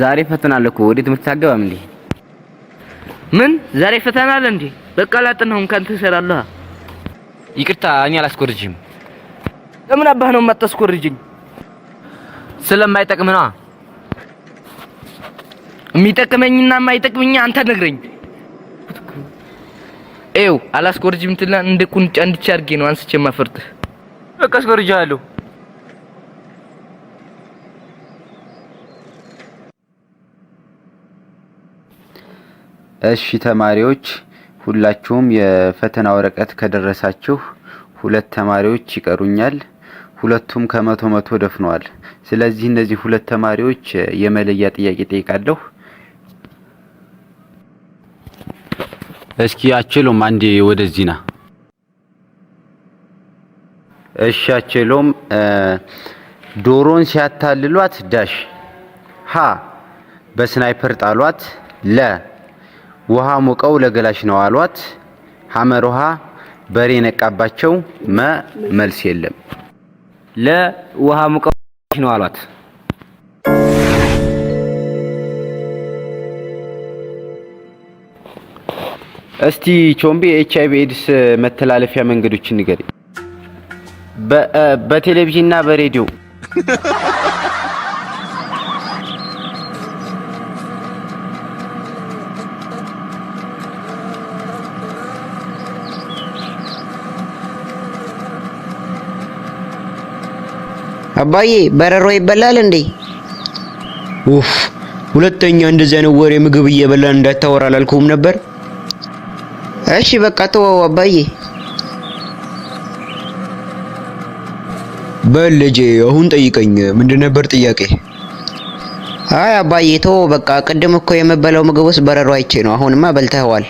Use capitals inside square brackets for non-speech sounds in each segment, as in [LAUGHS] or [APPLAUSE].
ዛሬ ፈተና አለ እኮ ወዴት የምታገባም እንዴ? ምን ዛሬ ፈተና አለ እንዴ? በቃ ላጥናውን ካንተ እሰራለሁ። ይቅርታ እኔ አላስኮርጅም። ለምን አባህ ነው የማታስኮርጅኝ? ስለማይጠቅም ነዋ። የሚጠቅመኝና የማይጠቅምኝ አንተ ነግረኝ። ኤው አላስኮርጅም ትልና እንደ ቁንጫ እንድቻርጌ ነው አንስቼ ማፈርጥህ። በቃ አስኮርጅሃለሁ። እሺ ተማሪዎች ሁላችሁም የፈተና ወረቀት ከደረሳችሁ ሁለት ተማሪዎች ይቀሩኛል። ሁለቱም ከመቶ መቶ ደፍነዋል። ስለዚህ እነዚህ ሁለት ተማሪዎች የመለያ ጥያቄ ጠይቃለሁ። እስኪ አችሎም አንዴ ወደዚህ ና። እሺ አችሎም ዶሮን ሲያታልሏት ዳሽ ሀ በስናይፐር ጣሏት ለ ውሃ ሙቀው ለገላሽ ነው አሏት። ሐመር ውሃ በሬ ነቃባቸው። መ መልስ የለም። ለውሃ ሙቀው ነው አሏት። እስቲ ቾምቤ ኤች አይቪ ኤድስ መተላለፊያ መንገዶችን ንገሪ። በቴሌቪዥንና በሬዲዮ [LAUGHS] አባዬ በረሮ ይበላል እንዴ? ኡፍ ሁለተኛ እንደዚህ አይነት ወሬ ምግብ እየበላን እንዳታወራ አላልኩም ነበር? እሺ በቃ ተወው አባዬ። በል ልጄ አሁን ጠይቀኝ። ምንድን ነበር ጥያቄ? አይ አባዬ ተው በቃ። ቅድም እኮ የምበላው ምግብ ውስጥ በረሮ አይቼ ነው። አሁንማ በልተኸዋል።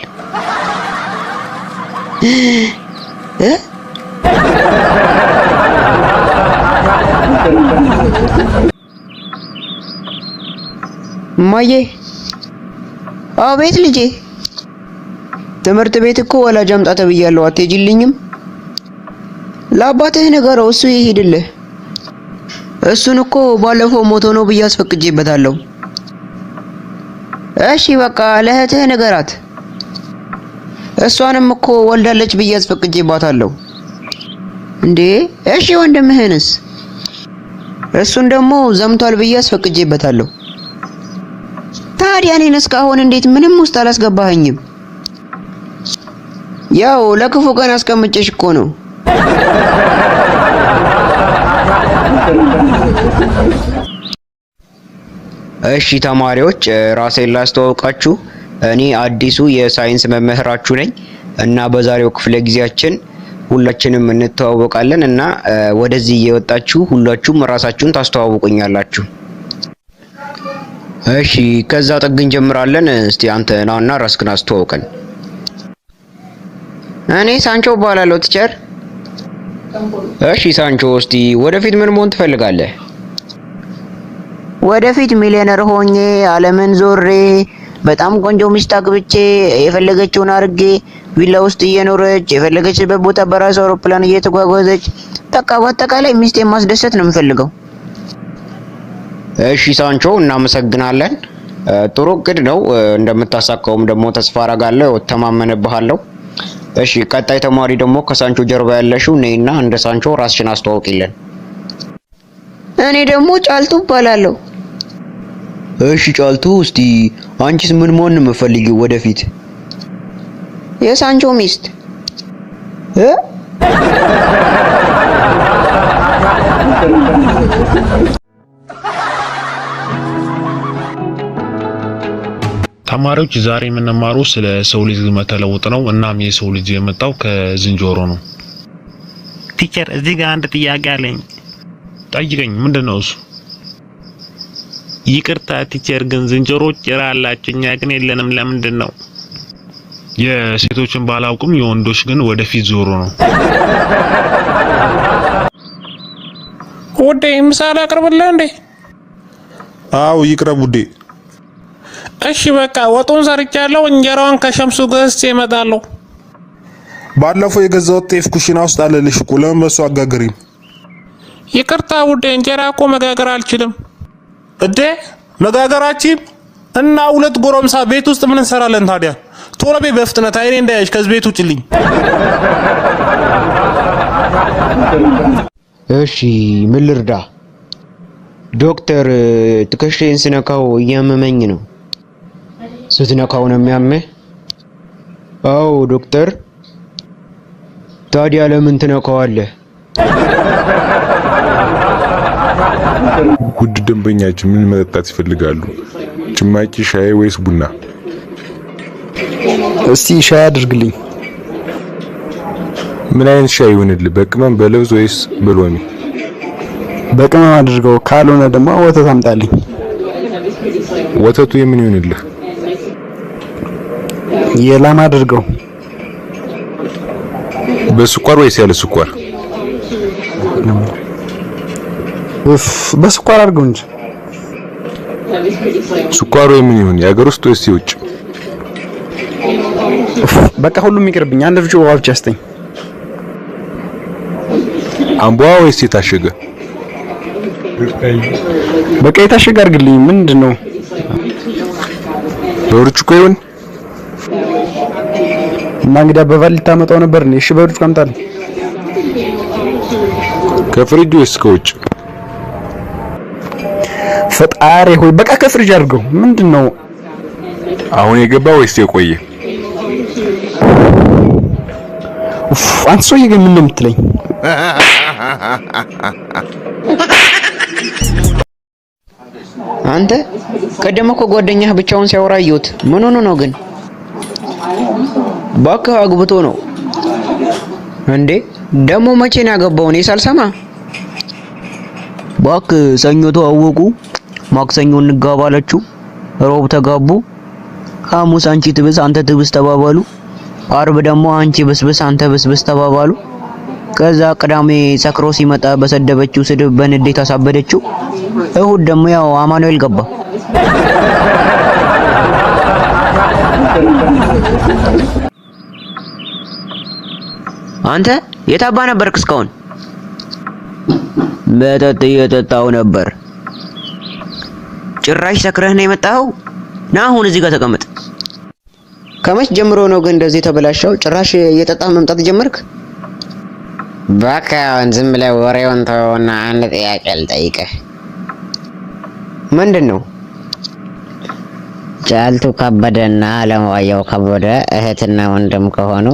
እማዬ አቤት ልጄ ትምህርት ቤት እኮ ወላጅ አምጣ ተብያለሁ አትሄጂልኝም ለአባትህ ንገረው እሱ ይሄድልህ እሱን እኮ ባለፈው ሞቶ ነው ብዬ አስፈቅጄበታለሁ እሺ በቃ ለእህትህ ንገራት እሷንም እኮ ወልዳለች ብዬ አስፈቅጄባታለሁ እንዴ እሺ ወንድምህንስ እሱን ደግሞ ዘምቷል ብዬ አስፈቅጄበታለሁ። ታዲያ እኔን እስካሁን እንዴት ምንም ውስጥ አላስገባኸኝም? ያው ለክፉ ቀን አስቀምጬሽ እኮ ነው። እሺ ተማሪዎች፣ ራሴን ላስተዋውቃችሁ። እኔ አዲሱ የሳይንስ መምህራችሁ ነኝ እና በዛሬው ክፍለ ጊዜያችን ሁላችንም እንተዋወቃለን እና ወደዚህ እየወጣችሁ ሁላችሁም ራሳችሁን ታስተዋውቁኛላችሁ። እሺ ከዛ ጥግ እንጀምራለን። እስቲ አንተ ናውና ራስክን አስተዋውቀን። እኔ ሳንቾ እባላለሁ ቲቸር። እሺ ሳንቾ፣ እስቲ ወደፊት ምን መሆን ትፈልጋለህ? ወደፊት ሚሊዮነር ሆኜ ዓለምን ዞሬ በጣም ቆንጆ ሚስት አግብቼ የፈለገችውን አድርጌ ቪላ ውስጥ እየኖረች የፈለገችበት ቦታ በራሱ አውሮፕላን እየተጓጓዘች በቃ በአጠቃላይ ሚስቴን ማስደሰት ነው የምፈልገው። እሺ ሳንቾ፣ እናመሰግናለን። ጥሩ እቅድ ነው። እንደምታሳካውም ደግሞ ተስፋ አረጋለሁ፣ ተማመንብሃለሁ። እሺ፣ ቀጣይ ተማሪ ደግሞ ከሳንቾ ጀርባ ያለሽው ነይና እንደ ሳንቾ ራስሽን አስተዋውቂልን። እኔ ደግሞ ጫልቱ እባላለሁ። እሺ ጫልቱ፣ እስቲ አንቺስ ምን መሆን ነው ወደፊት? የሳንቾ ሚስት ተማሪዎች ዛሬ የምንማሩ ስለ ሰው ልጅ መተለውጥ ነው። እናም የሰው ልጅ የመጣው ከዝንጀሮ ነው። ቲቸር፣ እዚህ ጋር አንድ ጥያቄ አለኝ። ጠይቀኝ። ምንድን ነው እሱ? ይቅርታ ቲቸር፣ ግን ዝንጀሮች ጭራ አላቸው፣ እኛ ግን የለንም። ለምንድን ነው? የሴቶችን ባላውቅም የወንዶች ግን ወደፊት ዞሮ ነው። ውዴ ምሳ ላቅርብልህ እንዴ? አው ይቅረብ ውዴ። እሺ በቃ ወጡን ሰርቻለሁ። እንጀራውን ከሸምሱ ገዝቼ እመጣለሁ። ባለፈው የገዛው ጤፍ ኩሽና ውስጥ አለልሽ እኮ ለምን በሱ አጋግሪም? ይቅርታ ውዴ፣ እንጀራ እኮ መጋገር አልችልም። እዴ መጋገራችን እና ሁለት ጎረምሳ ቤት ውስጥ ምን እንሰራለን ታዲያ? ቶሎ ቤት በፍጥነት አይኔ እንዳያሽ ከዚህ ቤት ውጭልኝ። እሺ ምን ልርዳ? ዶክተር ትከሻዬን ስነካው እያመመኝ ነው። ስትነካው ነው የሚያመህ? አዎ ዶክተር። ታዲያ ለምን ትነካዋለህ? ውድ ደንበኛችን ምን መጠጣት ይፈልጋሉ? ጭማቂ፣ ሻይ ወይስ ቡና? እስቲ ሻይ አድርግልኝ። ምን አይነት ሻይ ይሁንልህ? በቅመም በለውዝ ወይስ በሎሚ? በቅመም አድርገው። ካልሆነ ደግሞ ወተት አምጣልኝ። ወተቱ የምን ይሁንልህ? የላም አድርገው። በስኳር ወይስ ያለ ስኳር? በስኳር አድርገው እንጂ ስኳሩ የምን ይሁን የሀገር ውስጥ ወይስ የውጭ? በቃ ሁሉም ይቅርብኝ። አንድ ብቻ ውሃ ብቻ ስጠኝ። አምቧ ወይስ የታሸገ? በቃ የታሸገ አድርግልኝ። ምንድን ነው በብርጭቆ ይሁን? እና እንግዲህ አበባ ልታመጣው ነበር። እሺ በብርጭቆ አምጣልኝ። ከፍሪጅ ወይስ ከውጭ? ፈጣሪ ሆይ በቃ ከፍሪጅ አድርገው። ምንድን ነው አሁን የገባ ወይስ የቆየ? ኡፍ አንተ ሰውዬ ግን ምን ነው የምትለኝ? አንተ ቀደም እኮ ጓደኛህ ብቻውን ሲያወራ አየሁት። ምን ሆኖ ነው ግን? እባክህ አግብቶ ነው እንዴ? ደግሞ መቼ ነው ያገባው? እኔ ሳልሰማ እባክህ ሰኞ ተዋወቁ። ማክሰኞ እንጋባ ሮብ ተጋቡ። ሐሙስ አንቺ ትብስ አንተ ትብስ ተባባሉ። አርብ ደግሞ አንቺ ብስብስ አንተ ብስብስ ተባባሉ። ከዛ ቅዳሜ ሰክሮ ሲመጣ በሰደበችው ስድብ በንዴት አሳበደችው። እሁድ ደግሞ ያው አማኑኤል ገባ። አንተ የታባ ነበርክ እስካሁን? መጠጥ እየጠጣው ነበር። ጭራሽ ሰክረህ ነው የመጣኸው? ና አሁን እዚህ ጋር ተቀመጥ። ከመች ጀምሮ ነው ግን እንደዚህ የተበላሸው? ጭራሽ እየጠጣ መምጣት ጀመርክ? እባክህ ዝም ብለህ ወሬውን ተወውና አንድ ጥያቄ ልጠይቅህ። ምንድን ነው? ጫልቱ ከበደና አለማየሁ ከበደ እህትና ወንድም ከሆኑ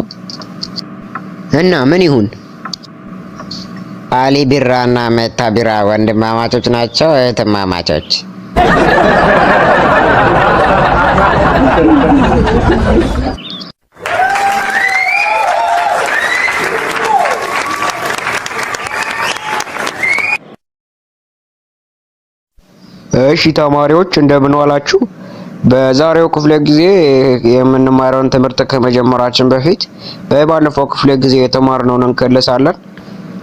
እና ምን ይሁን? አሊ ቢራና መታ ቢራ ወንድማማቾች ናቸው እህትማማቾች? እሺ ተማሪዎች እንደምን ዋላችሁ? በዛሬው ክፍለ ጊዜ የምንማረውን ትምህርት ከመጀመራችን በፊት በባለፈው ክፍለ ጊዜ የተማርነውን እንከለሳለን።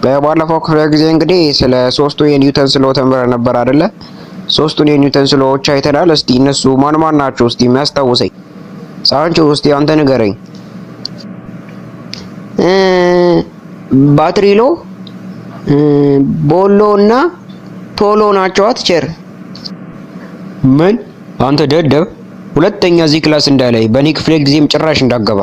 በባለፈው ክፍለ ጊዜ እንግዲህ ስለ ሶስቱ የኒውተን ስሎ ተምረ ነበር አይደለ? ሶስቱን የኒውተን ስለዎች አይተናል። እስቲ እነሱ ማን ማን ናቸው? እስቲ የሚያስታውሰኝ ሳንቾ፣ እስቲ አንተ ንገረኝ። ባትሪሎ፣ ቦሎ እና ቶሎ ናቸው። አትቸር ምን አንተ ደደብ፣ ሁለተኛ እዚህ ክላስ እንዳላይ በእኔ ክፍለ ጊዜም ጭራሽ እንዳገባ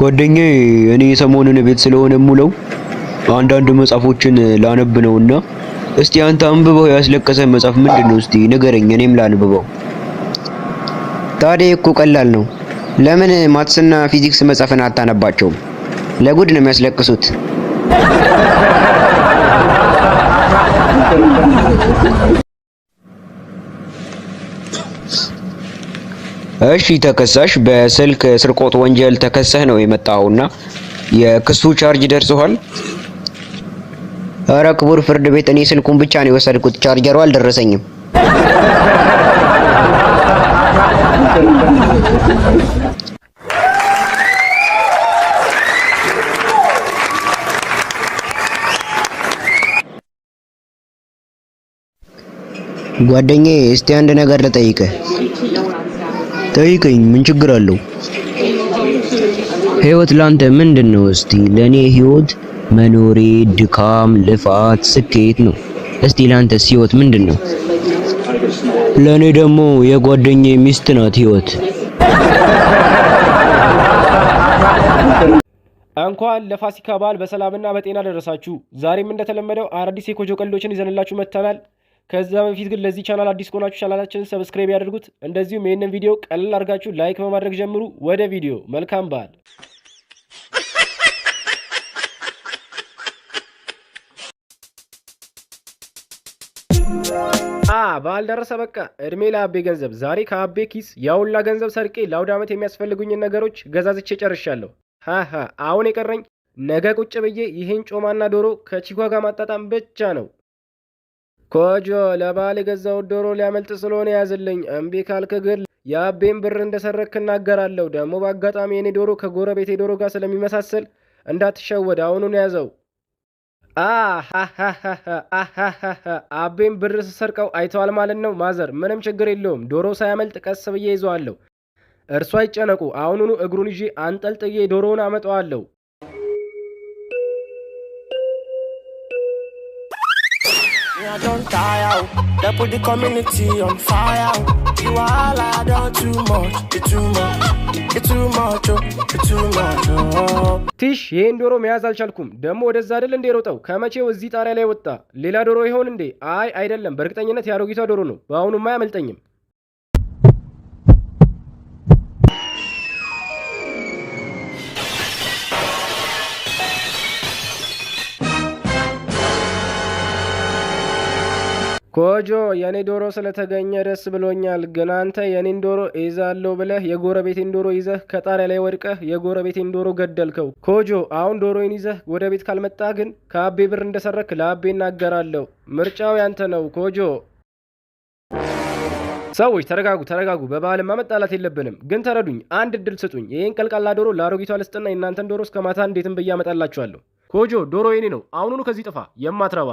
ጓደኛዬ እኔ ሰሞኑን ቤት ስለሆነ ሙለው አንዳንድ መጽሐፎችን ላነብ ነውና እስቲ አንተ አንብበው ያስለቀሰ መጽሐፍ ምንድነው? እስቲ ንገረኝ፣ እኔም ላንብበው። ታዲያ እኮ ቀላል ነው። ለምን ማትስና ፊዚክስ መጽሐፍን አታነባቸውም? ለጉድ ነው የሚያስለቅሱት። እሺ ተከሳሽ በስልክ ስርቆት ወንጀል ተከሰህ ነው የመጣውና የክሱ ቻርጅ ደርሰዋል። አረ ክቡር ፍርድ ቤት እኔ ስልኩን ብቻ ነው የወሰድኩት፣ ቻርጀሩ አልደረሰኝም። ጓደኛዬ እስቲ አንድ ነገር ልጠይቅህ ጠይቀኝ፣ ምን ችግር አለው? ህይወት ላንተ ምንድን ነው? እስቲ ለኔ ህይወት መኖሬ፣ ድካም፣ ልፋት፣ ስኬት ነው። እስቲ ላንተ ህይወት ምንድን ነው? ለኔ ደግሞ የጓደኛዬ ሚስት ናት ህይወት። እንኳን ለፋሲካ በዓል በሰላምና በጤና ደረሳችሁ። ዛሬም እንደተለመደው አዳዲስ የኮጆ ቀልዶችን ይዘንላችሁ መጥተናል። ከዛ በፊት ግን ለዚህ ቻናል አዲስ ከሆናችሁ ቻናላችንን ሰብስክራይብ ያደርጉት። እንደዚሁም ይህንን ቪዲዮ ቀለል አድርጋችሁ ላይክ በማድረግ ጀምሩ። ወደ ቪዲዮ መልካም በዓል። አ በዓል ደረሰ። በቃ እድሜ ለአቤ ገንዘብ። ዛሬ ከአቤ ኪስ ያውላ ገንዘብ ሰርቄ ለአውደ ዓመት የሚያስፈልጉኝን ነገሮች ገዛዝቼ ጨርሻለሁ። ሀሀ አሁን የቀረኝ ነገ ቁጭ ብዬ ይህን ጮማና ዶሮ ከቺጓ ጋር ማጣጣም ብቻ ነው። ኮጆ ለባል የገዛው ዶሮ ሊያመልጥ ስለሆነ ያዝልኝ። እምቢ ካልክ ግን የአቤን ብር እንደሰረክ እናገራለሁ። ደግሞ በአጋጣሚ የኔ ዶሮ ከጎረቤቴ ዶሮ ጋር ስለሚመሳሰል እንዳትሸወድ፣ አሁኑን ያዘው። አቤን ብር ስሰርቀው አይተዋል ማለት ነው ማዘር። ምንም ችግር የለውም። ዶሮ ሳያመልጥ ቀስ ብዬ ይዘዋለሁ። እርሷ አይጨነቁ። አሁኑኑ እግሩን ይዤ አንጠልጥዬ ዶሮውን አመጣዋለሁ። I don't tire. Oh. They put the community on fire. You oh. all I don't too much, it's too much. It's too oh. ቲሽ ይሄን ዶሮ መያዝ አልቻልኩም። ደግሞ ወደዛ አይደል እንዴ ሮጠው? ከመቼው እዚህ ጣሪያ ላይ ወጣ? ሌላ ዶሮ ይሆን እንዴ? አይ አይደለም፣ በእርግጠኝነት ያሮጊቷ ዶሮ ነው። በአሁኑማ አያመልጠኝም። ኮጆ የኔ ዶሮ ስለተገኘ ደስ ብሎኛል። ግን አንተ የኔን ዶሮ እይዛለሁ ብለህ የጎረቤቴን ዶሮ ይዘህ ከጣሪያ ላይ ወድቀህ የጎረቤቴን ዶሮ ገደልከው። ኮጆ አሁን ዶሮዬን ይዘህ ወደ ቤት ካልመጣ ግን ከአቤ ብር እንደሰረክ ለአቤ እናገራለሁ። ምርጫው ያንተ ነው ኮጆ። ሰዎች ተረጋጉ፣ ተረጋጉ። በባህልማ መጣላት የለብንም። ግን ተረዱኝ፣ አንድ እድል ስጡኝ። ይህን ቀልቃላ ዶሮ ለአሮጊቷ ልስጥና የእናንተን ዶሮ እስከ ማታ እንዴትም ብዬ አመጣላችኋለሁ። ኮጆ ዶሮ የኔ ነው። አሁኑኑ ከዚህ ጥፋ የማትረባ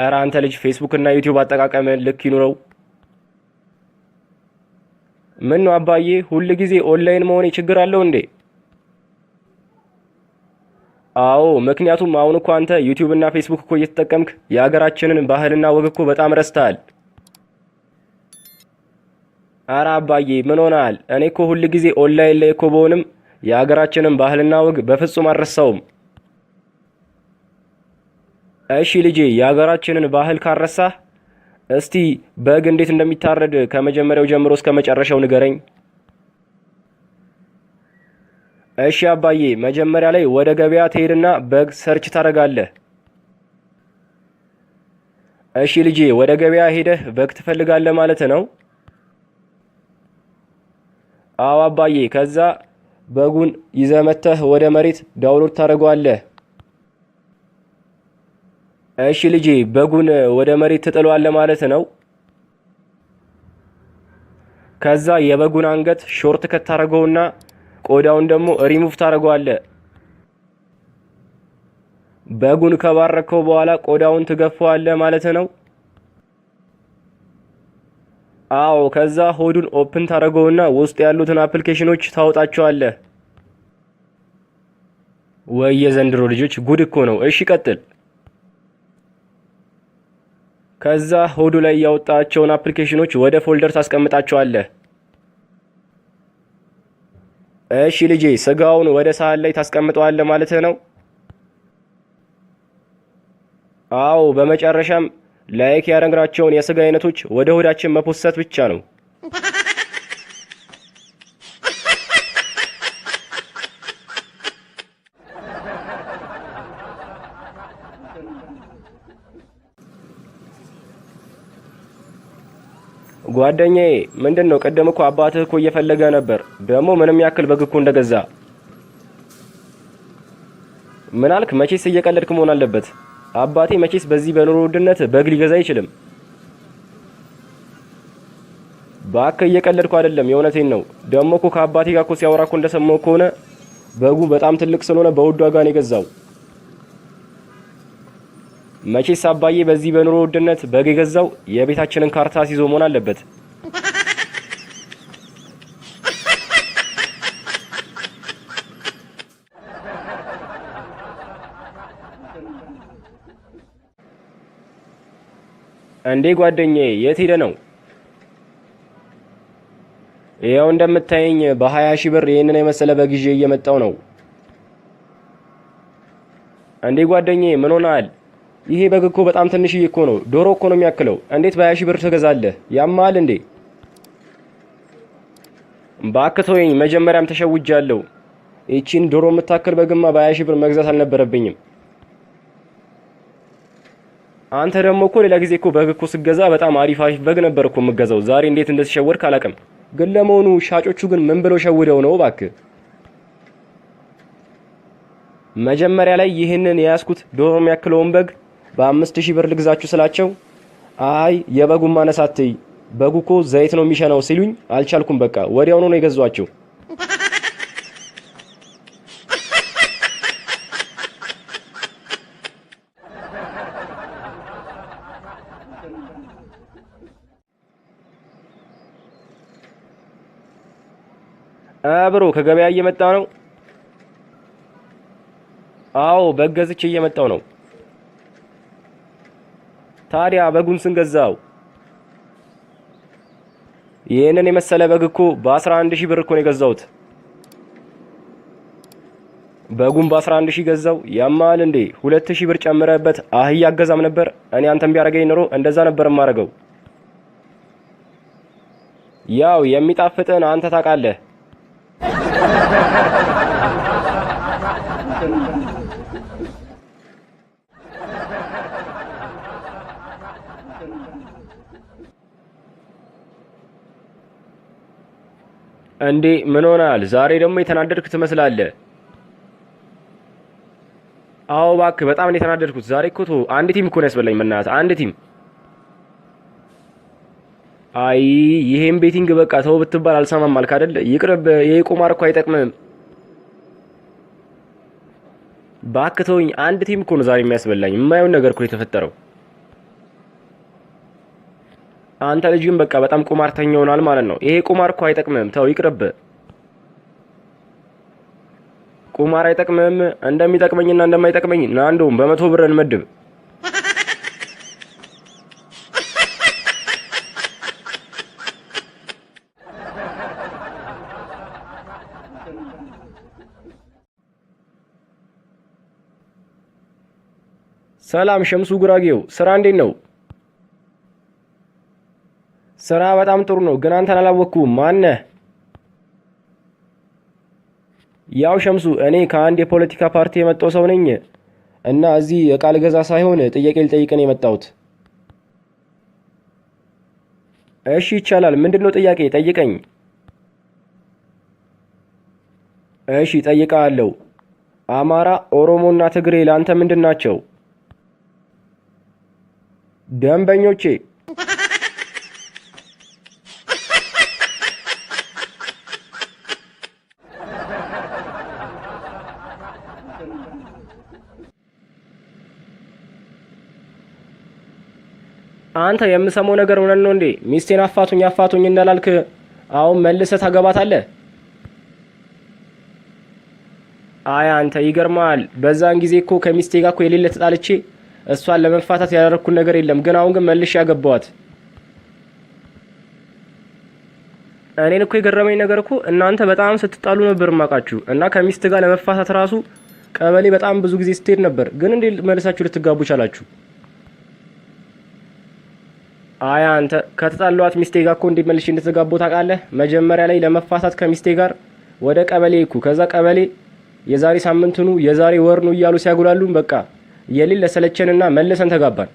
እረ አንተ ልጅ ፌስቡክ እና ዩቲዩብ አጠቃቀም ልክ ይኑረው። ምን ነው አባዬ፣ ሁል ጊዜ ኦንላይን መሆን ችግር አለው እንዴ? አዎ ምክንያቱም አሁን እኮ አንተ ዩቲዩብ እና ፌስቡክ እኮ እየተጠቀምክ የሀገራችንን ባህልና ወግ እኮ በጣም ረስተሃል። አረ አባዬ ምን ሆናል? እኔ እኮ ሁል ጊዜ ኦንላይን ላይ እኮ በሆንም የሀገራችንን ባህልና ወግ በፍጹም አልረሳውም። እሺ ልጄ የሀገራችንን ባህል ካረሳህ እስቲ በግ እንዴት እንደሚታረድ ከመጀመሪያው ጀምሮ እስከ መጨረሻው ንገረኝ። እሺ አባዬ፣ መጀመሪያ ላይ ወደ ገበያ ትሄድና በግ ሰርች ታደርጋለህ። እሺ ልጄ፣ ወደ ገበያ ሄደህ በግ ትፈልጋለህ ማለት ነው? አዎ አባዬ። ከዛ በጉን ይዘመተህ ወደ መሬት ዳውሎድ ታደርገዋለህ። እሺ ልጄ፣ በጉን ወደ መሬት ትጥለዋለህ ማለት ነው? ከዛ የበጉን አንገት ሾርት ከት ቆዳውን ደግሞ ሪሙቭ ታደርገዋለህ። በጉን ከባረከው በኋላ ቆዳውን ትገፈዋለ ማለት ነው። አዎ፣ ከዛ ሆዱን ኦፕን ታደርገውና ውስጥ ያሉትን አፕሊኬሽኖች ታወጣቸዋለ። ወይ የዘንድሮ ልጆች ጉድ እኮ ነው። እሺ ቀጥል። ከዛ ሆዱ ላይ ያወጣቸውን አፕሊኬሽኖች ወደ ፎልደር ታስቀምጣቸዋለህ። እሺ ልጄ ስጋውን ወደ ሳህን ላይ ታስቀምጠዋለህ ማለት ነው? አዎ። በመጨረሻም ላይክ ያረግናቸውን የስጋ አይነቶች ወደ ሆዳችን መፖሰት ብቻ ነው። ጓደኛዬ ምንድን ነው? ቅድም እኮ አባትህ እኮ እየፈለገ ነበር። ደግሞ ምንም ያክል በግ እኮ እንደገዛ ምን አልክ? መቼስ እየቀለድክ መሆን አለበት። አባቴ መቼስ በዚህ በኑሮ ውድነት በግ ሊገዛ አይችልም። እባክህ እየቀለድኩ አይደለም፣ የእውነቴን ነው። ደግሞ እኮ ከአባቴ ጋር እኮ ሲያወራ እኮ እንደሰማው ከሆነ በጉ በጣም ትልቅ ስለሆነ በውድ ዋጋ ነው የገዛው። መቼስ አባዬ በዚህ በኑሮ ውድነት በግ የገዛው የቤታችንን ካርታ ሲዞ መሆን አለበት። እንዴ ጓደኛዬ የት ሄደ ነው? ያው እንደምታየኝ በሀያ ሺህ ብር ይህንን የመሰለ በግ እየመጣው ነው። እንዴ ጓደኛዬ ምን ሆነሃል? ይሄ በግ እኮ በጣም ትንሽዬ እኮ ነው። ዶሮ እኮ ነው የሚያክለው። እንዴት በሀያ ሺህ ብር ትገዛለህ? ያማል እንዴ? ባክተወኝ መጀመሪያም ተሸውጃለሁ። ይቺን ዶሮ የምታክል በግማ በሀያ ሺህ ብር መግዛት አልነበረብኝም። አንተ ደግሞ እኮ ሌላ ጊዜ እኮ በግ እኮ ስገዛ በጣም አሪፍ አሪፍ በግ ነበር እኮ የምገዛው። ዛሬ እንዴት እንደተሸወድክ አላውቅም። ግን ለመሆኑ ሻጮቹ ግን ምን ብለው ሸውደው ነው? ባክ መጀመሪያ ላይ ይህንን የያዝኩት ዶሮ የሚያክለውን በግ በአምስት ሺህ ብር ልግዛችሁ ስላቸው አይ የበጉ ማነስ በጉኮ በጉ እኮ ዘይት ነው የሚሸናው ሲሉኝ አልቻልኩም። በቃ ወዲያውኑ ነው የገዟቸው። አብሮ ከገበያ እየመጣ ነው። አዎ በገዝች እየመጣው ነው። ታዲያ በጉን ስንገዛው ይህንን የመሰለ በግ እኮ በ11 ሺህ ብር እኮ ነው የገዛሁት። በጉን በ11 ሺህ ገዛው ያማል እንዴ? 2000 ብር ጨምረበት አህያ አገዛም ነበር። እኔ አንተም ቢያደርገኝ ኑሮ እንደዛ ነበር የማደርገው። ያው የሚጣፍጥን አንተ ታውቃለህ። እንዴ ምን ሆናል? ዛሬ ደግሞ የተናደድክ ትመስላለህ። አዎ እባክህ በጣም ነው የተናደድኩት። ዛሬ እኮ አንድ ቲም እኮ ነው ያስበላኝ። መናት አንድ ቲም። አይ ይሄን ቤቲንግ በቃ ተው ብትባል አልሰማም አልክ አይደል? ይቅርብ። ይሄ ቁማር እኮ አይጠቅምም። እባክህ ተውኝ። አንድ ቲም እኮ ነው ዛሬ የሚያስበላኝ። የማየውን ነገር እኮ የተፈጠረው አንተ ልጅ ግን በቃ በጣም ቁማርተኛ ሆናል ማለት ነው። ይሄ ቁማር እኮ አይጠቅምም። ተው ይቅርብ። ቁማር አይጠቅምም። እንደሚጠቅመኝና እንደማይጠቅመኝ ና እንደውም በመቶ ብር እንመድብ። ሰላም ሸምሱ ጉራጌው፣ ስራ እንዴት ነው? ስራ በጣም ጥሩ ነው፣ ግን አንተን አላወቅኩም። ማነህ? ያው ሸምሱ፣ እኔ ከአንድ የፖለቲካ ፓርቲ የመጣው ሰው ነኝ እና እዚህ የቃል ገዛ ሳይሆን ጥያቄ ልጠይቅን የመጣሁት። እሺ ይቻላል። ምንድን ነው ጥያቄ? ጠይቀኝ። እሺ ጠይቃለሁ። አማራ፣ ኦሮሞና ትግሬ ለአንተ ምንድን ናቸው? ደንበኞቼ አንተ የምሰማው ነገር እውነት ነው እንዴ? ሚስቴን አፋቱኝ አፋቱኝ እንዳላልክ አሁን ታገባት አለ። አይ አንተ ይገርማል። በዛን ጊዜ እኮ ከሚስቴ ጋር እኮ የሌለ ተጣልቼ እሷን ለመፋታት ያደረግኩት ነገር የለም። ግን አሁን ግን መልሽ ያገባዋት። እኔን እኮ የገረመኝ ነገር እኮ እናንተ በጣም ስትጣሉ ነበር ማቃችሁ እና ከሚስት ጋር ለመፋታት ራሱ ቀበሌ በጣም ብዙ ጊዜ ስትሄድ ነበር። ግን እንዴ መልሳችሁ ልትጋቡ ቻላችሁ? አያ አንተ ከተጣሏት ሚስቴ ጋር እኮ እንዴት መልሼ እንደተጋባሁ ታውቃለህ? መጀመሪያ ላይ ለመፋሳት ከሚስቴ ጋር ወደ ቀበሌ እኩ ከዛ ቀበሌ የዛሬ ሳምንት ኑ የዛሬ ወር ነው እያሉ ሲያጉላሉን በቃ የሌለ ሰለቸንና መልሰን ተጋባን።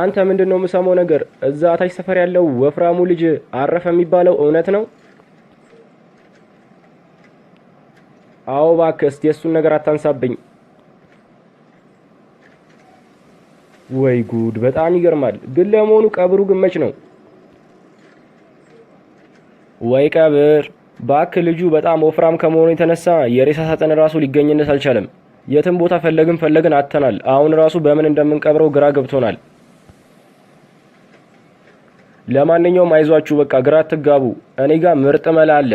አንተ ምንድን ነው የምሰማው ነገር? እዛ ታች ሰፈር ያለው ወፍራሙ ልጅ አረፈ የሚባለው እውነት ነው? አዎ እባክህ እስቲ የእሱን ነገር አታንሳብኝ። ወይ ጉድ! በጣም ይገርማል። ግን ለመሆኑ ቀብሩ ግመች ነው ወይ? ቀብር እባክህ። ልጁ በጣም ወፍራም ከመሆኑ የተነሳ የሬሳ ሳጥን ራሱ ሊገኝነት አልቻለም። የትም ቦታ ፈለግን ፈለግን አጥተናል። አሁን ራሱ በምን እንደምንቀብረው ግራ ገብቶናል። ለማንኛውም አይዟችሁ፣ በቃ ግራ አትጋቡ። እኔ ጋር ምርጥ መላ አለ።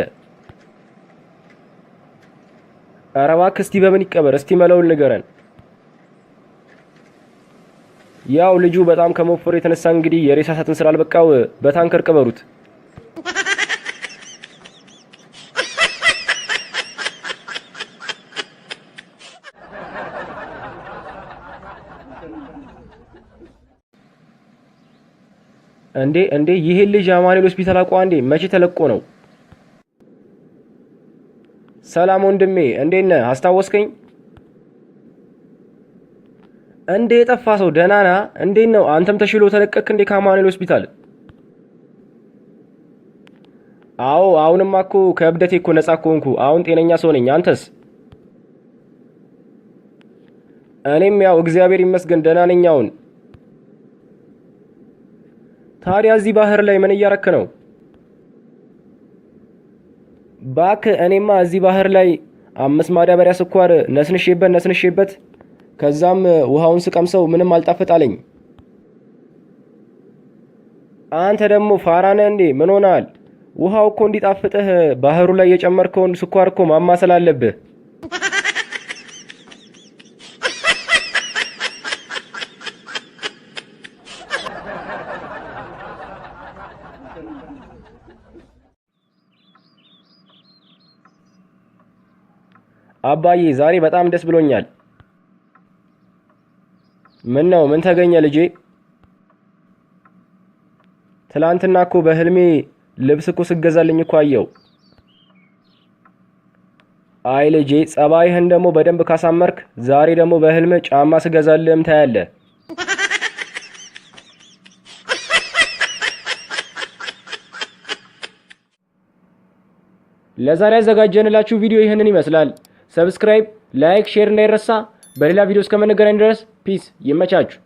ኧረ እባክህ እስቲ በምን ይቀበር? እስቲ መላውን ንገረን። ያው ልጁ በጣም ከመወፈሩ የተነሳ እንግዲህ የሬሳ ሳጥን ስላልበቃው በታንከር ቅበሩት። እንዴ እንዴ ይሄ ልጅ አማኑኤል ሆስፒታል አቋ እንዴ መቼ ተለቆ ነው? ሰላም ወንድሜ እንዴት ነህ? አስታወስከኝ እንዴ? የጠፋ ሰው ደህና ና? እንዴት ነው? አንተም ተሽሎ ተለቀክ እንዴ ከአማኑኤል ሆስፒታል? አዎ አሁንማ እኮ ከእብደቴ እኮ ነጻ ኮንኩ። አሁን ጤነኛ ሰው ነኝ። አንተስ? እኔም ያው እግዚአብሔር ይመስገን ደህና ነኝ አሁን ታዲያ እዚህ ባህር ላይ ምን እያረክ ነው? ባክ እኔማ እዚህ ባህር ላይ አምስት ማዳበሪያ ስኳር ነስንሼበት ነስንሼበት ከዛም ውሃውን ስቀምሰው ምንም አልጣፍጣለኝ። አንተ ደግሞ ፋራነ እንዴ? ምን ሆናል? ውሃው እኮ እንዲጣፍጥህ ባህሩ ላይ የጨመርከውን ስኳር እኮ ማማሰል አለብህ። አባዬ ዛሬ በጣም ደስ ብሎኛል። ምን ነው? ምን ተገኘ ልጄ? ትላንትና እኮ በህልሜ ልብስ እኮ ስገዛልኝ እኮ አየው። አይ ልጄ፣ ጸባይህን ደግሞ በደንብ ካሳመርክ ዛሬ ደግሞ በህልም ጫማ ስገዛልህም ታያለህ። ለዛሬ ያዘጋጀንላችሁ ቪዲዮ ይህንን ይመስላል። ሰብስክራይብ፣ ላይክ፣ ሼር እንዳይረሳ። በሌላ ቪዲዮ እስከምንገናኝ ድረስ ፒስ፣ ይመቻችሁ።